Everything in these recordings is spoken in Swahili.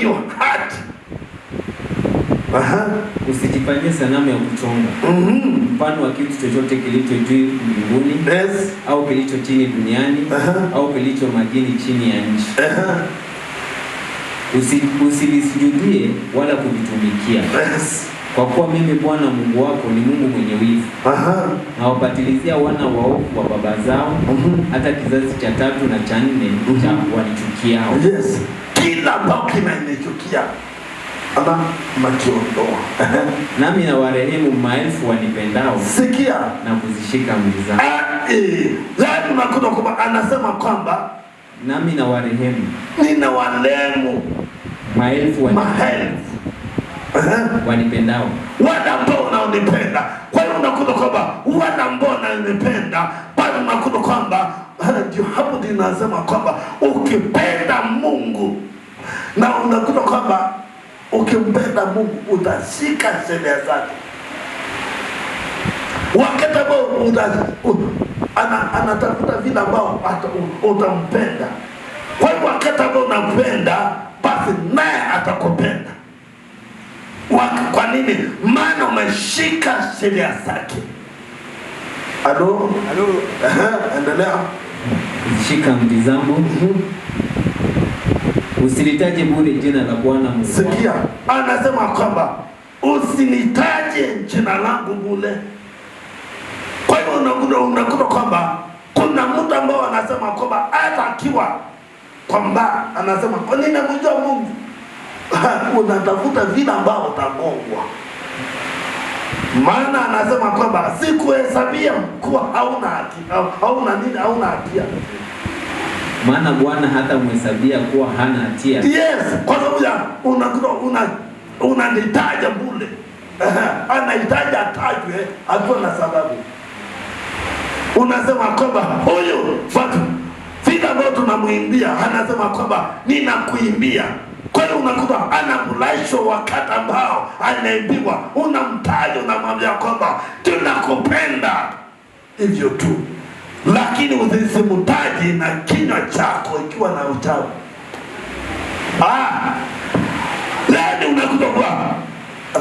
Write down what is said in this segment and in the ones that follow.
your heart. Aha. Usijifanyie sanamu ya kuchonga mm -hmm. mfano wa kitu chochote kilicho juu mbinguni yes. au kilicho chini duniani Aha. au kilicho majini chini ya nchi Aha. Usivisujudie wala kuvitumikia yes. Kwa kuwa mimi Bwana Mungu wako ni Mungu mwenye wivu, nawabatilizia wana waovu wa baba zao mm -hmm. hata kizazi cha tatu na cha nne mm -hmm. cha mm-hmm. wanichukiao yes kila ambao kinanichukia ama makiondoa. Nami na warehemu maelfu wanipendao, sikia na kuzishika amri zangu. Yani eh, eh. unakuta kwamba anasema kwamba nami na warehemu, nina warehemu maelfu wanipendao, wale ambao unaonipenda. Kwa hiyo unakuta kwamba wale ambao unanipenda bado, unakuta kwamba ndio eh, hapo ndinasema kwamba ukipenda kwamba ukimpenda Mungu utashika sheria zake, wakati ambao anatafuta vile ambao utampenda. Kwa hiyo wakati ambao unampenda, basi naye atakupenda. Kwa nini? Maana umeshika sheria zake. Alo, alo, endelea. Shika amri Usilitaje bure jina la Bwana Mungu. Sikia, anasema kwamba usilitaje jina langu bure. Kwa hiyo unakuta unakuta kwamba kuna mtu ambao anasema kwamba hata akiwa kwamba anasema kwa nini namjua Mungu? Unatafuta vile ambao utagongwa. Maana anasema kwamba sikuhesabia kuwa hauna haki, hauna nini, hauna hatia maana Bwana hata mhesabia kuwa hana hatia. Yes, kwa sababu ya unakuta una unanitaja bure. anahitaji atajwe akiwa na sababu. Unasema kwamba huyu fatu vita ambayo tunamwimbia, anasema kwamba ninakuimbia. Kwa hiyo unakuta anabulaishwa wakati ambao anaimbiwa, unamtaja, unamwambia kwamba tunakupenda, hivyo tu lakini uzisimutaji na kinywa chako ikiwa na uchawi. Ah, leni unakuta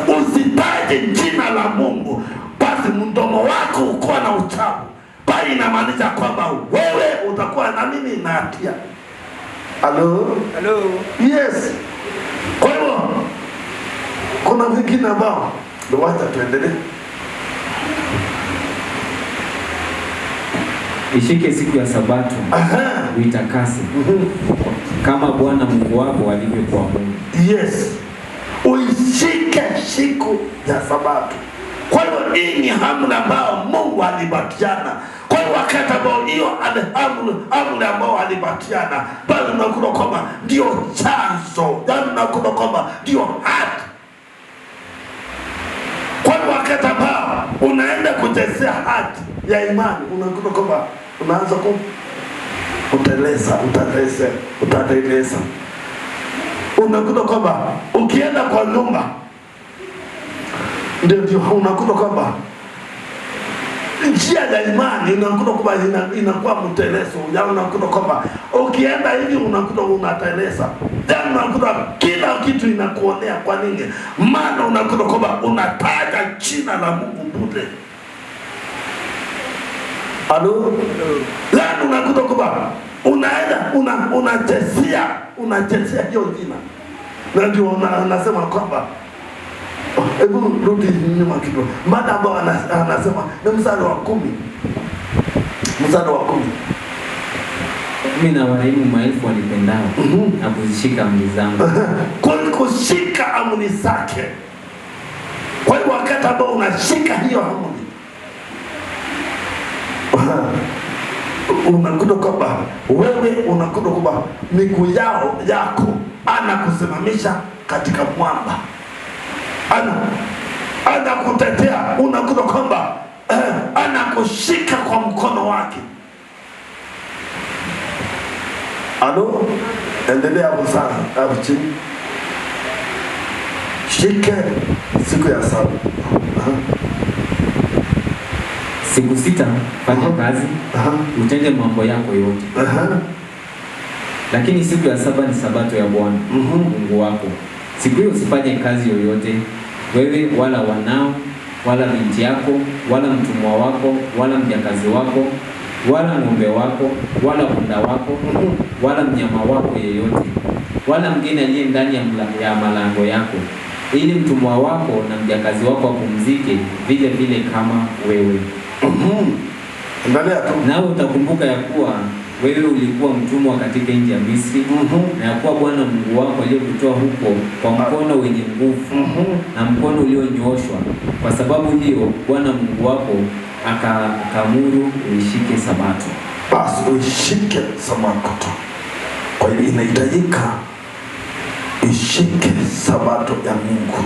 kwa usitaje jina la Mungu basi mdomo wako ukuwa na uchawi, bali inamaanisha kwamba wewe utakuwa na mimi na hatia. Halo, halo, yes. Kwa hivyo kuna vingine ambao ndio, wacha tuendelee. ishike siku ya Sabato uitakase mm-hmm. kama Bwana Mungu wako Mungu. Yes, uishike siku ya Sabato. Kwa hiyo hii ni amri Mungu alibatiana. Kwa hiyo wakati ambao hiyo amri ambao alibatiana, bado nakuna kwamba ndio chanzo, yaani nakuna kwamba ndio hati. Kwa hiyo wakati ambao unaenda kutezea hati ya imani, unakuta kwamba unaanza ku uteleza uteleza utateleza. Unakuta kwamba ukienda kwa nyumba ndio ndio, unakuta kwamba njia ya imani unakuta kwamba inakuwa mtelezo, ya unakuta kwamba ukienda hivi unakuta unateleza, yaani unakuta kila kitu inakuonea. Kwa nini? Maana unakuta kwamba unataja jina la Mungu bure. Alo? Lani unakuta kwamba unaenda una una unachesia hiyo jina, na ndio anasema kwamba hebu rudi nyuma kidogo, mada ambayo anasema ni mstari wa kumi, mstari wa kumi mimi na waraimu maelfu walipendao mm -hmm. na kuzishika amri zangu kushika amri zake. Kwa hiyo wakati ambao unashika hiyo amri unakuta kwamba wewe unakuta kwamba miguu yao yako anakusimamisha katika mwamba, ana anakutetea, unakuta kwamba eh, anakushika kwa mkono wake. Alo, endelea hapo shike siku ya saba siku sita fanya uh -huh. kazi uh -huh. utende mambo yako yote uh -huh. lakini siku ya saba ni sabato ya Bwana uh mhm. -huh. Mungu wako. Siku hiyo usifanye kazi yoyote, wewe wala wanao wala binti yako wala mtumwa wako wala mjakazi wako wala ng'ombe wako wala punda wako mhm. wala mnyama wako yeyote wala mgeni aliye ndani ya malango yako, ili mtumwa wako na mjakazi wako wapumzike vile vile kama wewe. Endelea mhm. tu. Nawe utakumbuka ya kuwa wewe ulikuwa mtumwa katika nchi ya Misri mm -hmm. na ya kuwa Bwana Mungu wako aliyokutoa huko kwa mkono wenye nguvu mm -hmm. na mkono ulionyooshwa. Kwa sababu hiyo Bwana Mungu wako akaamuru uishike Sabato. Basi uishike Sabato. Kwa hiyo inahitajika ishike Sabato ya Mungu.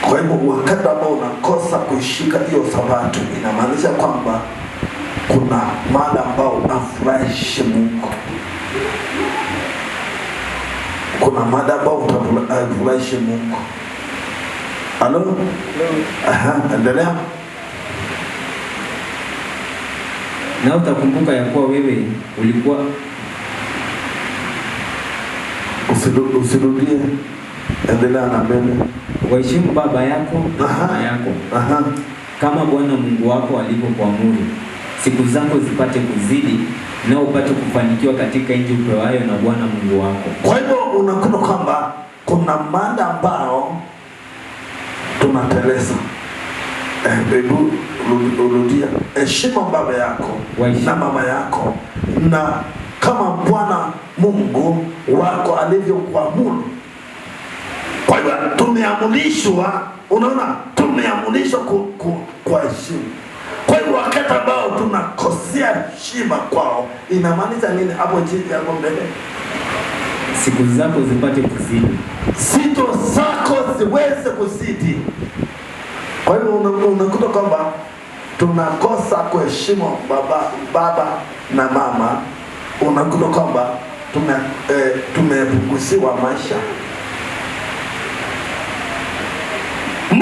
Kwa hivyo wakati ambao unakosa kuishika hiyo sabato, inamaanisha kwamba kuna mada ambao unafurahishe Mungu, kuna mada ambao utafurahishe Mungu. Halo, endelea na utakumbuka ya kuwa wewe ulikuwa, usirudie Endelea na mbele. Waheshimu baba yako na mama yako. Aha. Kama Bwana Mungu wako alivyokuamuru, siku zako zipate kuzidi na upate kufanikiwa katika nchi upewayo na Bwana Mungu wako. Kwa hivyo unakuta kwamba kuna mada ambao tunateleza. Eh, hebu rudia, heshima baba yako na mama yako, na kama Bwana Mungu wako alivyokuamuru tumeamulishwa, unaona, tumeamulishwa kwa heshima. Kwa hiyo wakati ambao tunakosea heshima kwao inamaanisha nini? Hapo chini hapo mbele, siku zako zipate kuzidi, sito zako ziweze kuzidi. Kwa hiyo unakuta kwamba tunakosa kuheshimu baba, baba na mama, unakuta kwamba eh, tumepunguziwa eh, tume maisha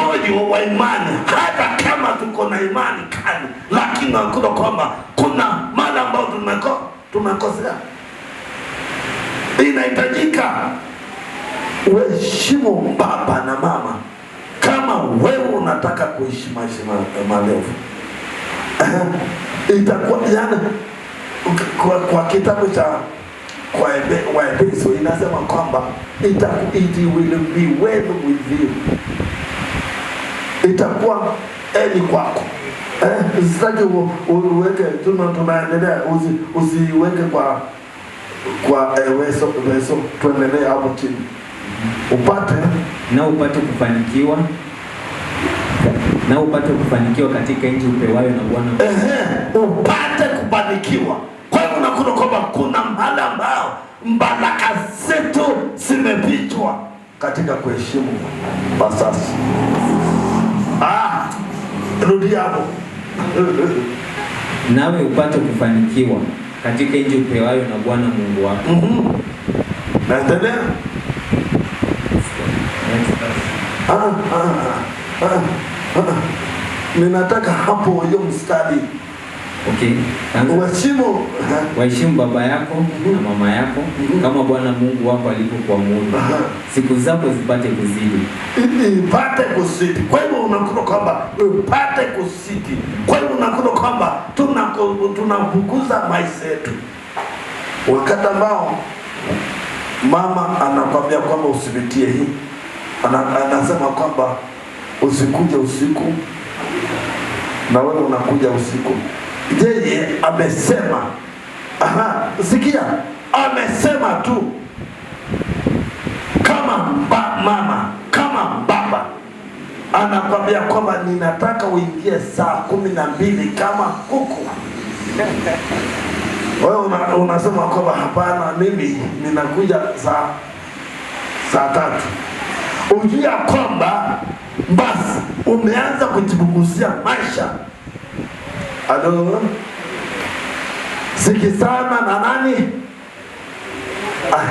moyo wa imani, hata kama tuko na imani kali, lakini nakuta kwamba kuna mara ambayo tumeko tumekosea. Inahitajika uheshimu baba na mama kama wewe unataka kuishi maisha marefu. Itakuwa yani kwa, kwa kitabu cha Waefeso inasema kwamba it will be well with you itakuwa eni kwako. Eh, usitaki uweke tuna tunaendelea, usi usiweke kwa kwa eh, weso weso, tuendelee hapo chini upate na upate kufanikiwa na upate kufanikiwa katika nchi upewayo na Bwana. Ehe, upate kufanikiwa. Kwa hiyo unakuta kwamba kuna mahali ambao baraka zetu zimefichwa katika kuheshimu wazazi. Ah, rudi hapo nawe upate kufanikiwa katika nchi upewayo na Bwana Mungu wako. mm Naendelea. Ah, ah, ah, ah, ah. Ninataka hapo hiyo mstari Okay. Waheshimu waheshimu baba yako na mama yako kama Bwana Mungu wako alivyokuamuru, siku zako zipate kuzidi, ipate kuzidi. Kwa hivyo unakuta kwamba upate kuzidi. Kwa hivyo unakuta kwamba tunapunguza maisha yetu, wakati ambao mama anakwambia kwamba usipitie hii, anasema kwamba usikuje usiku na wewe unakuja usiku yeye amesema. Aha, sikia, amesema tu kama mba, mama kama baba anakwambia kwamba ninataka uingie saa kumi na mbili kama kuku wewe una, unasema kwamba hapana, mimi ninakuja saa saa tatu. Ujua kwamba basi umeanza kujibugusia maisha Halo, sikizana na nani? Ah,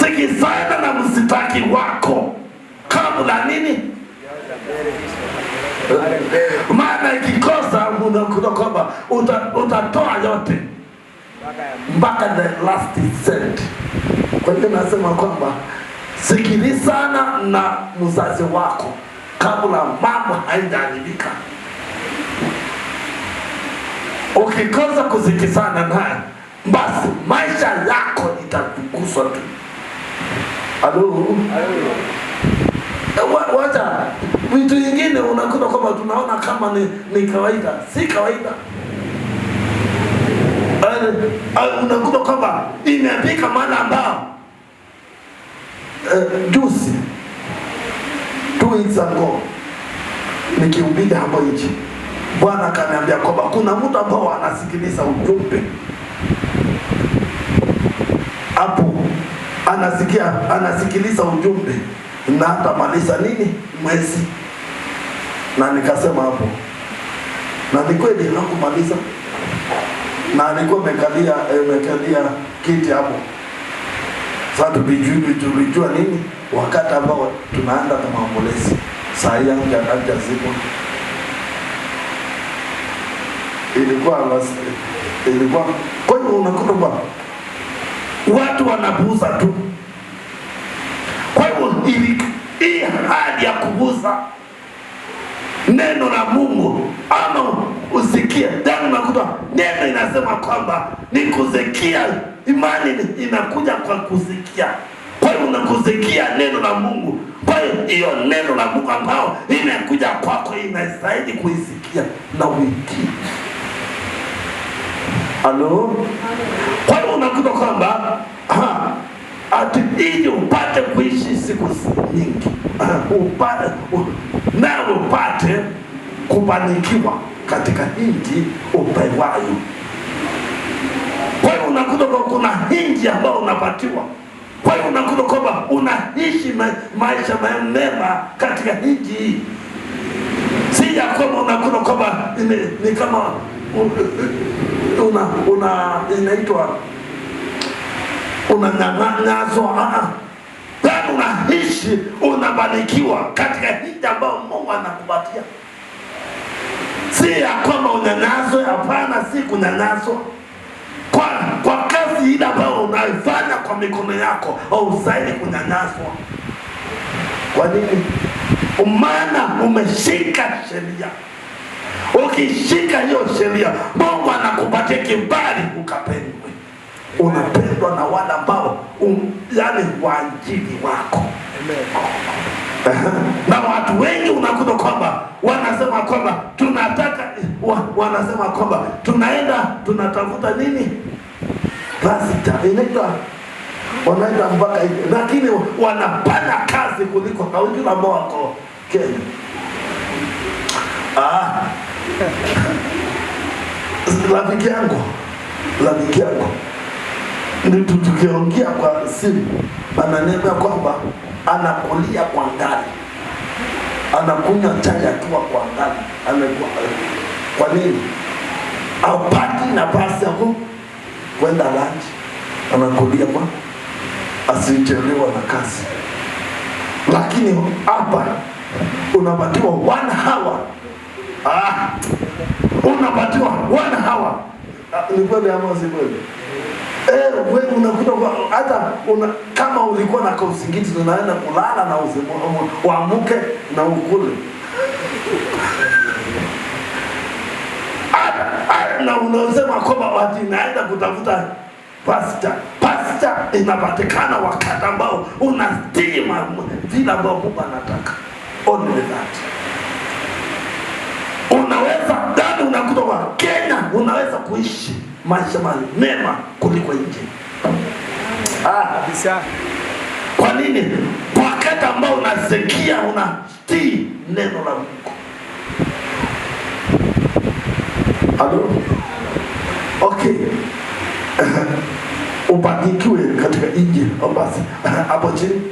sikizana na msitaki wako kabla nini? Maana ikikosa unakuta kwamba utatoa yote mpaka the last cent. Kwa hivyo nasema kwamba sikilizana na mzazi wako kabla mambo haijaharibika. Ukikosa kuzikisana naye basi maisha yako itatukuzwa tu. Halo, eh, wacha vitu vingine unakuta kwamba tunaona kama ni, ni kawaida, si kawaida. Eh, eh, unakuta kwamba imeandika maana ambao uh, juzi two weeks ago nikihubiri hapo nchi Bwana akaniambia kwamba kuna mtu ambao anasikiliza ujumbe hapo, anasikia anasikiliza ujumbe na atamaliza nini mwezi, na nikasema hapo, na ni kweli hakumaliza, na alikuwa amekalia eh, mekalia kiti hapo. Sasa tulijua nini wakati ambao tunaanza na maombolezi, saa yangu anaja ziko ilikuwa ilikuwa. Kwa hiyo unakuta kwamba watu wanabuza tu. Kwa hiyo hii hali ya kubuza neno la Mungu ama usikie tena, yaani unakuta neno inasema kwamba ni Imani inakuja kwa kusikia, kwa hiyo unakusikia neno la Mungu. Kwa hiyo neno la Mungu ambao imekuja kwako, inastahili kuisikia na uitii. Halo? Kwa hiyo unakuta kwamba ati ili upate kuishi siku nyingi na upate kupanikiwa katika hinji upewayo. Kwa hiyo unakuta kuna hinji ambayo unapatiwa. Kwa hiyo unakuta kwamba unaishi maisha mema katika hinji hii, si ya kwamba unakuta kwamba ni kama una, una inaitwa unanyanyazwa ah, yani ah. unaishi, unabarikiwa katika hiji ambayo Mungu anakupatia. Si ya kwamba unyanyazwe, hapana, si kunyanyazwa kwa, kwa kazi ile ambayo unaifanya kwa mikono yako, hausaidi kunyanyazwa. Kwa nini? Maana umeshika sheria. Ukishika hiyo sheria, Mungu anakupatia kibali ukapendwe, unapendwa na wale ambao um, yani waajili wako na watu wengi unakuta kwamba wanasema kwamba tunataka wa, wanasema kwamba tunaenda tunatafuta nini, basi inaitwa wanaenda mpaka, lakini wanapana kazi kuliko na wengine ambao wako Kenya ah. rafiki yangu, rafiki yangu nditu, tukiongea kwa simu ananiambia kwamba anakulia kwa ngani, anakunywa chai akiwa kwa ngani. Amekuwa kwa nini? Apati nafasi ya kwenda lunch, anakulia kwa asichelewa na kazi, lakini hapa unapatiwa one hour Ah, unapatiwa wana hawa ah, ni kweli ama si kweli? Eh, wewe unakuta hata una, kama ulikuwa na kausingizi tunaenda kulala na uzimu waamuke na ukule ah, ah, na unaosema kwamba wati naenda kutafuta pasta. Pasta inapatikana wakati ambao una stima vile ambao Mungu anataka. Only that. unakuta wa Kenya unaweza kuishi maisha mema kuliko nje. Ah, kabisa. Kwa nini? Kwa Wakati ambao unasikia unatii neno la Mungu. Halo. Okay. Ubarikiwe katika nje basi hapo chini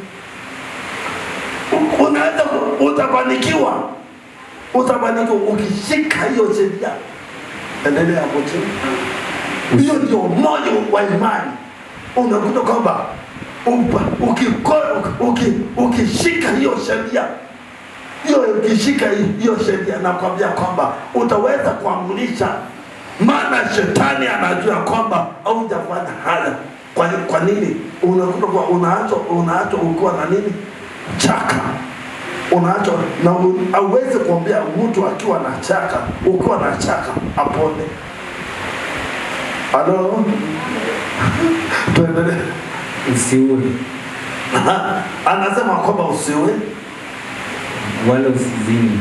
unaweza utabarikiwa utabadilika ukishika hiyo sheria. Endelea kocha, hiyo ndio moyo wa imani. Unakuta kwamba ukishika hiyo sheria hiyo, ukishika hiyo sheria, nakwambia kwamba utaweza kuamulisha, maana shetani anajua kwamba haujafanya haya. Kwa nini unakuta unaachwa ukiwa na nini chaka unaachwa na auwezi kuambia mtu akiwa na chaka. Ukiwa na chaka apone. Halo, tuendelee. Usiue, anasema kwamba usiue wala usizini.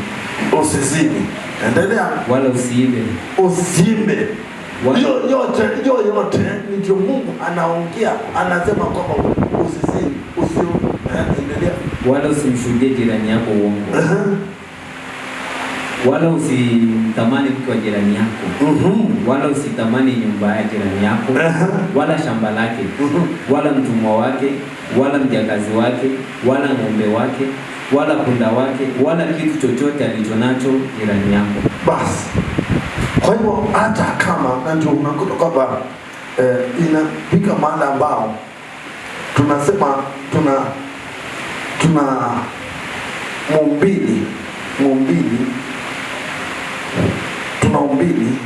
Usizini, endelea. Wala usiibe, usiibe yoyote yoyote. Ndio Mungu anaongea, anasema kwamba usizini, usiue wala usimshuhudie jirani yako uongo. uh -huh. Wala usitamani mke wa jirani yako. Mhm. Wala usitamani nyumba ya jirani yako. uh -huh. Wala shamba lake. Mhm. Wala mtumwa wake, wala mjakazi wake, wala ng'ombe wake, wala punda wake, wala kitu chochote alicho nacho jirani yako. Basi kwa hivyo hata kama ndio unakuta kwamba eh, inapika mahali ambao tunasema tuna tuna mumbili mumbili tuna umbili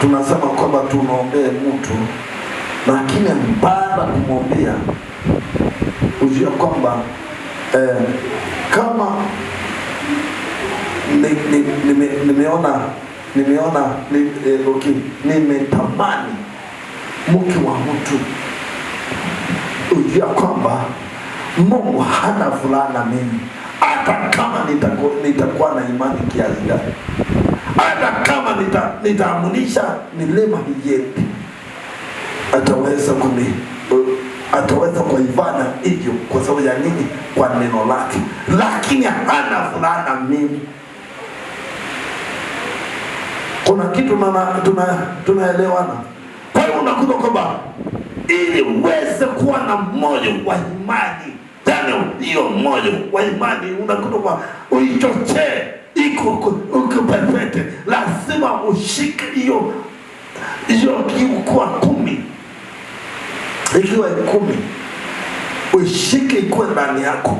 tunasema kwamba tunaombee mtu, lakini baada kumwombea ujua kwamba eh, kama nimeona nimeona eh, nimetamani mke wa mtu ujua kwamba Mungu hana furaha na mimi, hata kama nitakuwa nitakuwa na imani kiasi gani, hata kama nita, nitaamunisha milima yetu, ataweza kuni uh, ataweza kuivana hivyo kwa sababu ya nini? Kwa neno lake, lakini hana furaha na mimi. Kuna kitu tunaelewana, tuna, tuna kwa hiyo unakuta kwamba ili uweze kuwa na moyo wa imani tano hiyo moyo wa imani unakuta uichochee iko perfect, lazima ushike hiyo hiyo kiukua kumi, ikiwa kumi ushike ikuwe ndani yako.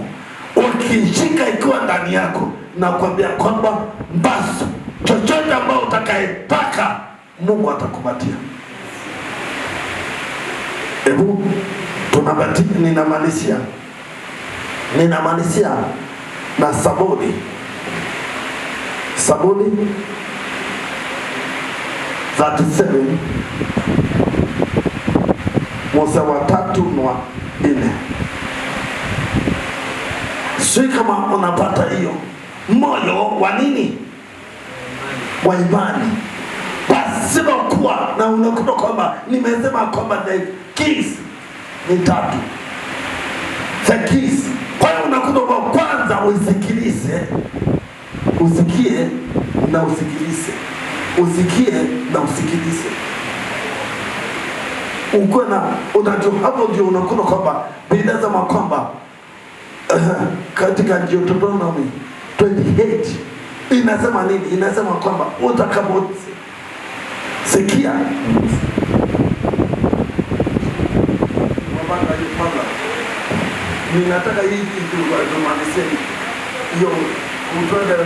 Ukishika ikiwa ndani yako, nakwambia kwamba basi chochote ambayo utakayetaka Mungu atakupatia. Hebu tunabati ninamalisia ninamaanisha na sabuni. Sabuni 37 Musa wa tatu na nne. Sijui kama unapata hiyo moyo wa nini wa imani pasipokuwa na unakuta kwamba nimesema kwamba the keys ni tatu, the keys unakuwa kwa kwanza usikilize, usikie na usikilize, usikie na usikilize, uko na unajua, hapo ndio unakuta kwamba binazama kwamba uh, katika Deuteronomy 28 inasema nini? Inasema kwamba utakaposikia ninataka hivi tumalizeni hiyo utwende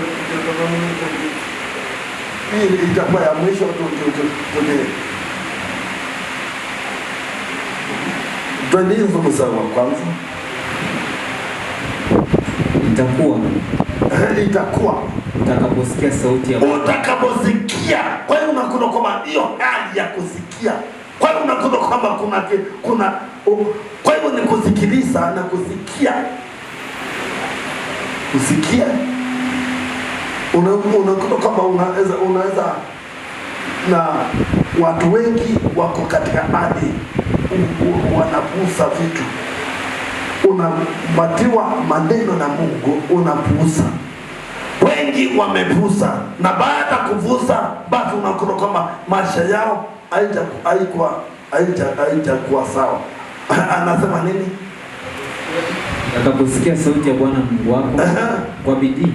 hii itakuwa ya mwisho tu twende hivyo msama kwanza itakuwa eh, itakuwa utakaposikia sauti ya utakaposikia. Kwa hiyo unakuta kwamba hiyo hali ya kusikia, kwa hiyo unakuta kwamba kuna kuna kwa hivyo ni kusikiliza na kusikia, kusikia. Unakuta una, kama unaweza unaweza na watu wengi wako katika ardhi wanapuuza vitu, unapatiwa maneno na Mungu unapuuza. Wengi wamepuuza, na baada ya kuvuza basi unakuta kwamba maisha yao haitakuwa sawa. anasema nini? Atakusikia sauti ya Bwana Mungu wako kwa bidii,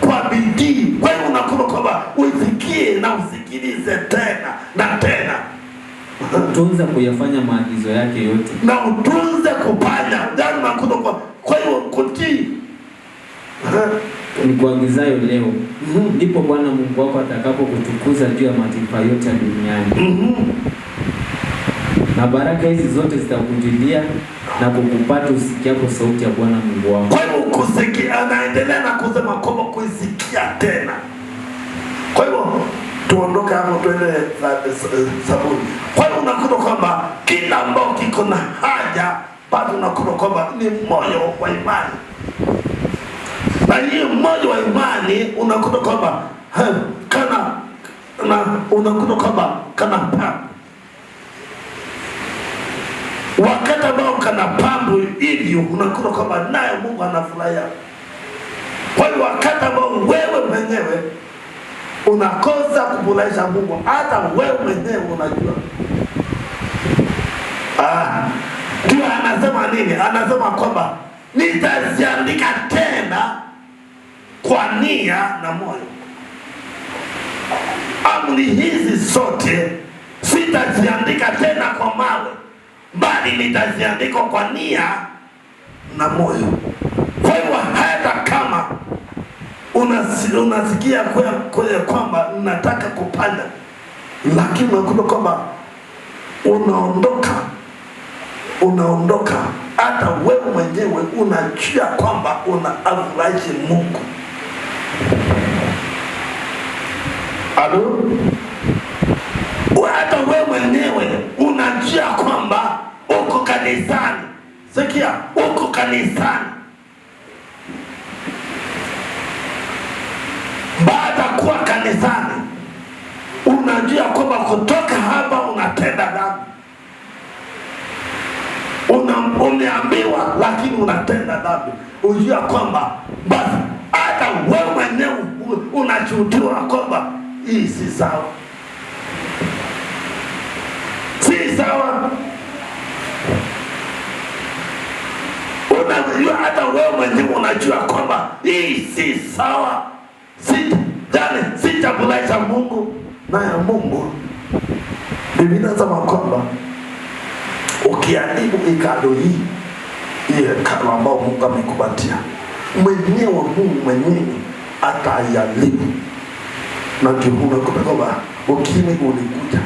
kwa bidii. Kwa hiyo unakuta kwamba usikie na usikilize tena na tena, utunze kuyafanya maagizo yake yote, na utunze kufanya yani, unakuta kwa kwa hiyo kutii kuagizayo leo, mhm. ndipo mm -hmm. Bwana Mungu wako atakapokutukuza juu ya mataifa yote ya duniani mm -hmm na baraka hizi zote zitakujilia na kukupata usikiapo sauti ya Bwana Mungu wako. Kwa hiyo ukusikia, anaendelea na kusema kama kuisikia tena. Kwa hiyo tuondoke hapo twende Zaburi. Kwa hiyo unakuta kwamba kila ambao kiko na haja bado unakuta kwamba ni moyo wa imani, na hiyo moyo wa imani unakuta kwamba kana na unakuta kwamba kana wakati ambao kana pambo hivyo, unakuta kwamba naye Mungu anafurahia. Kwa hiyo wakati ambao wewe mwenyewe unakosa kufurahisha Mungu, hata wewe mwenyewe unajua. Ah, ndio anasema nini? Anasema kwamba nitaziandika tena kwa nia na moyo. Amri hizi zote sitaziandika tena kwa mawe bali litaziandika kwa nia na moyo. Kwa hivyo hata kama unasikia kwamba nataka kupanda, lakini unakuta kwamba unaondoka unaondoka, hata wewe mwenyewe unachia kwamba unaafurahisha Mungu. Alo hata we mwenyewe unajua kwamba uko kanisani. Sikia, uko kanisani. Baada kuwa kanisani, unajua kwamba kutoka hapa unatenda dhambi. Una, umeambiwa lakini unatenda dhambi, unajua kwamba basi hata we mwenyewe unashuhudiwa kwamba hii si sawa. sawa. Unajua hata wewe mwenyewe unajua kwamba hii si sawa, si jani, si chakula cha Mungu na ya Mungu. Biblia inasema kwamba ukiharibu ikalo hii hii hekalu ambao Mungu amekupatia mwenyewe, Mungu mwenyewe ataiharibu na kihuna kupekoba ukimi ulikuja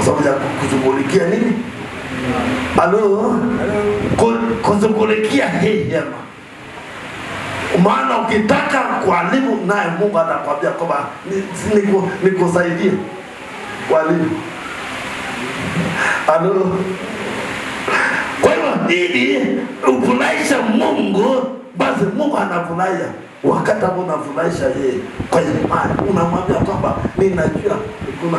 kwa sababu ya kuzungulikia nini? Halo, kuzungulikia hii hema. Maana ukitaka kualimu naye Mungu anakwambia kwamba nikusaidie kualimu. Halo. Kwa hiyo ili ufurahishe Mungu, basi Mungu anafurahia wakati ambao unafurahisha yeye kwa imani, unamwambia kwamba ninajua, kuna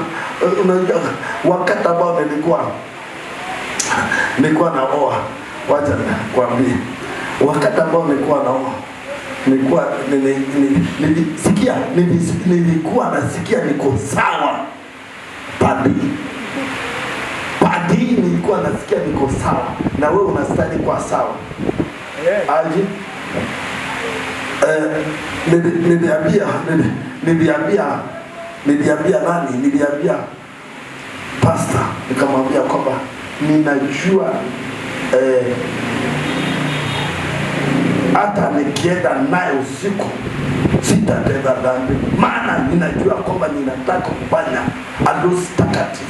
unajua, wakati ambao nilikuwa nilikuwa naoa, wacha nikwambie, wakati ambao nilikuwa naoa nilikuwa nilisikia nilikuwa nasikia niko sawa padi padi, nilikuwa nasikia niko sawa, na wewe unastahili kwa sawa aje Eh, nimeambia nimeambia nimeambia nani, nimeambia pasta, nikamwambia kwamba ninajua eh, hata nikienda naye usiku sitatenda dhambi, maana ninajua kwamba ninataka kufanya harusi takatifu.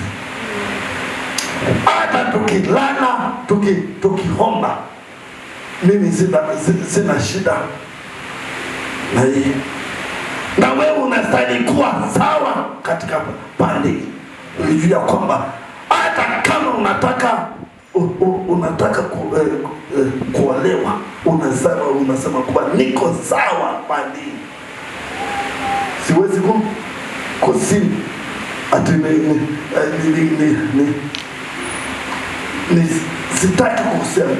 Hata tukilana tukilala tuki, tukihomba mimi sina shida Yaani, na wewe unastahili kuwa sawa katika pande, ya kwamba hata kama unataka unataka ku, eh, eh, kuolewa unasema unasema kuwa niko sawa pande, siwezi ku kusini ati ni, ni, eh, ni, ni, ni, ni sitaki kusema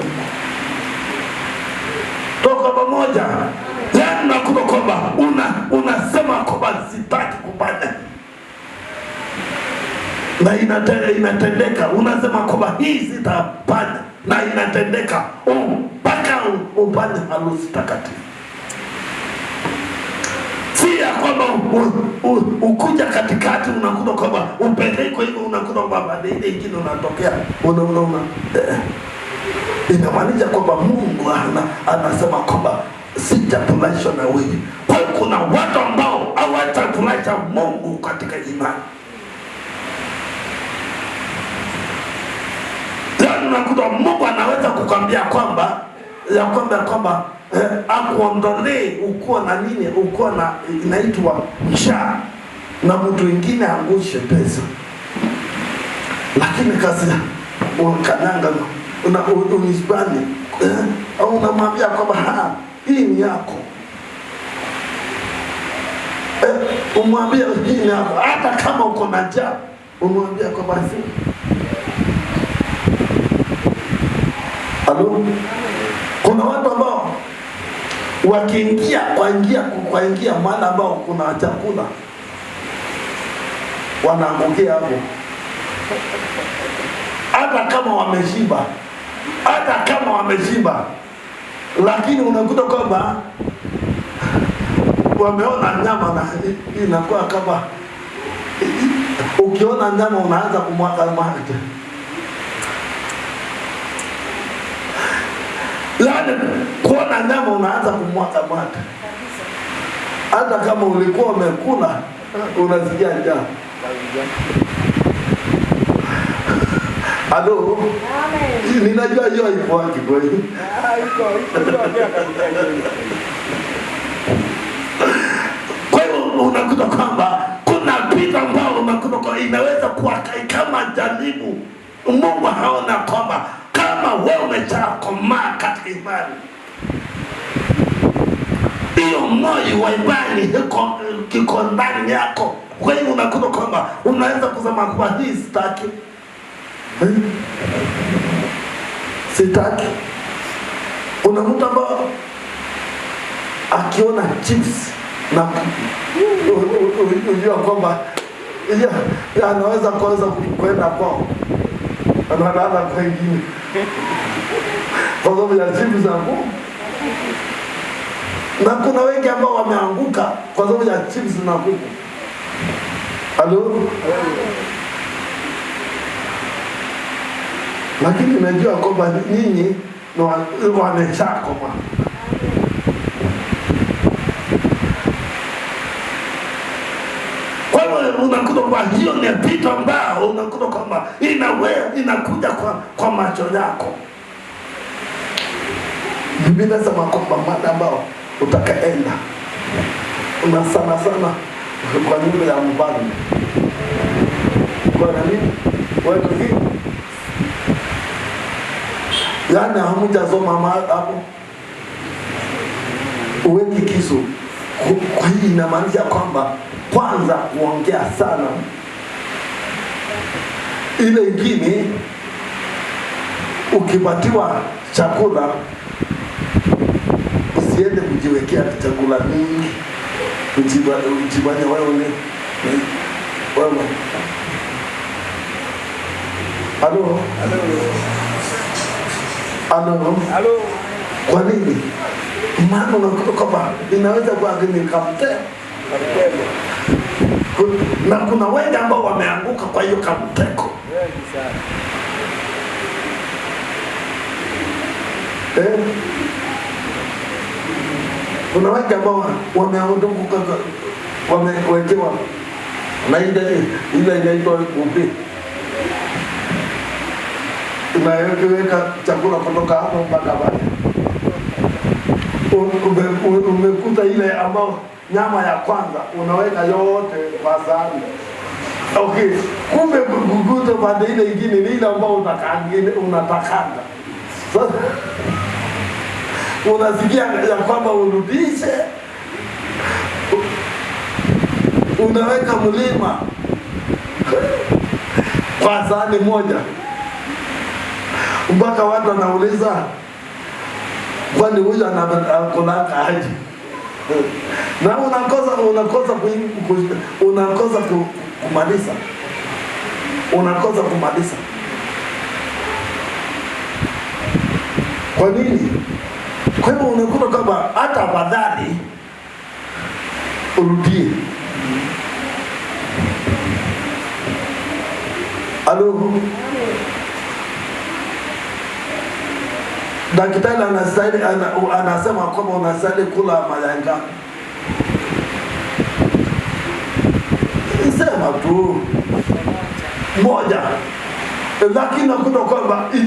toka pamoja unakuta kwamba una, unasema kwamba sitaki kufanya na inate, inatendeka. Unasema kwamba hii sitafanya na inatendeka mpaka ufanye harusi takatifu. Si ya kwamba ukuja katikati unakuta kwamba upeleko hivyo, unakuta kwamba ile ingine unatokea una, una, una, eh, inamaanisha kwamba Mungu ana, anasema kwamba sitafurahishwa na wewe. Kwa hiyo kuna watu ambao hawatafurahisha Mungu katika imani. Leo yaani unakuta Mungu anaweza kukwambia kwamba ya kwamba kwamba eh, akuondolee ukuwa na nini, ukuwa na inaitwa njaa na mtu mwingine angushe pesa, lakini kazi kananga unisbani eh, au unamwambia kwamba hii ni yako eh, umwambia hii ni yako. Hata kama uko na njaa umwambia kwa basi Halo? Kuna watu ambao wakiingia kwa njia kwa mahali ambao kuna chakula wanaangukia hapo, hata kama wameshiba, hata kama wameshiba lakini unakuta kwamba wameona nyama na inakuwa kama ukiona nyama unaanza kumwaga mate. Yaani kuona nyama unaanza kumwaga mate, hata kama ulikuwa umekula unasikia njaa. Halo ninajua hiyo haipo wapi kweli. Kwa hiyo unakuta kwamba kuna vitu ambao unakuta inaweza kuwa kama jaribu. Mungu haona kwamba kama wewe umeshakomaa katika imani hiyo, moyo wa imani kiko ndani yako. Kwa hiyo unakuta kwamba unaweza kusema kwa hii sitaki sitaki. Kuna mtu ambaye akiona chips na unajua kwamba anaweza kwanza kwenda kwao, anaanza kwengine kwa sababu ya chips za ngumu na kuna wengi ambao wameanguka kwa sababu ya chips na kuku. Halo? lakini najua kwamba nyinyi wameshakoma. Kwa hiyo unakuta kwa hiyo ni vitu ambayo unakuta kwamba inawea inakuja kwa, kwa macho yako. Biblia inasema kwamba mada ambao utakaenda una sana sana kwa nyumba ya mfalme kwa nini watu hii Yani hamujasoma hapo, uwe likizo. Kwa hii inamaanisha kwamba kwanza kuongea sana, ile ingine ukipatiwa chakula usiende kujiwekea chakula mingi ujibanye wewe wewe. Halo ano kwa nini? Maana unakuta kwamba inaweza kuaginikamtea na kuna wengi ambao wameanguka kwa hiyo kamteko eh? Kuna wengi ambao wameanguka wamewekewa na ile inaitwa upi tunaweka chakula kutoka hapo mpaka pale. Umekuta ile ambao nyama ya kwanza unaweka yote kwa sahani. Okay, kumbe kukuta pande ile ingine ni ile ambayo unatakanda sasa unasikia ya kwamba urudishe, unaweka mlima kwa sahani moja mpaka watu wanauliza kwani huyu anakolaka haji na unakosa unakosa unakosa kumaliza unakosa kumaliza. Kwa nini? Kwa hivyo unakuta kwamba hata afadhali urudie. Halo. Daktari anastahili anasema kwamba unastahili kula malanga. Sema tu moja, lakini nakuta kwamba